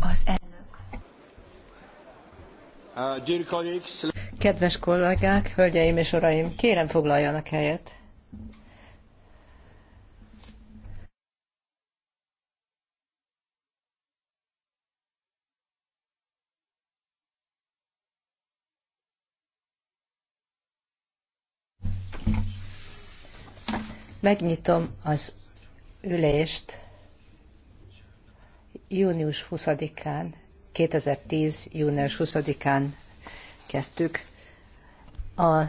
Az elnök. Kedves kollégák, hölgyeim és uraim, kérem foglaljanak helyet. Megnyitom az ülést. Június 20-án, 2010. június 20-án kezdtük a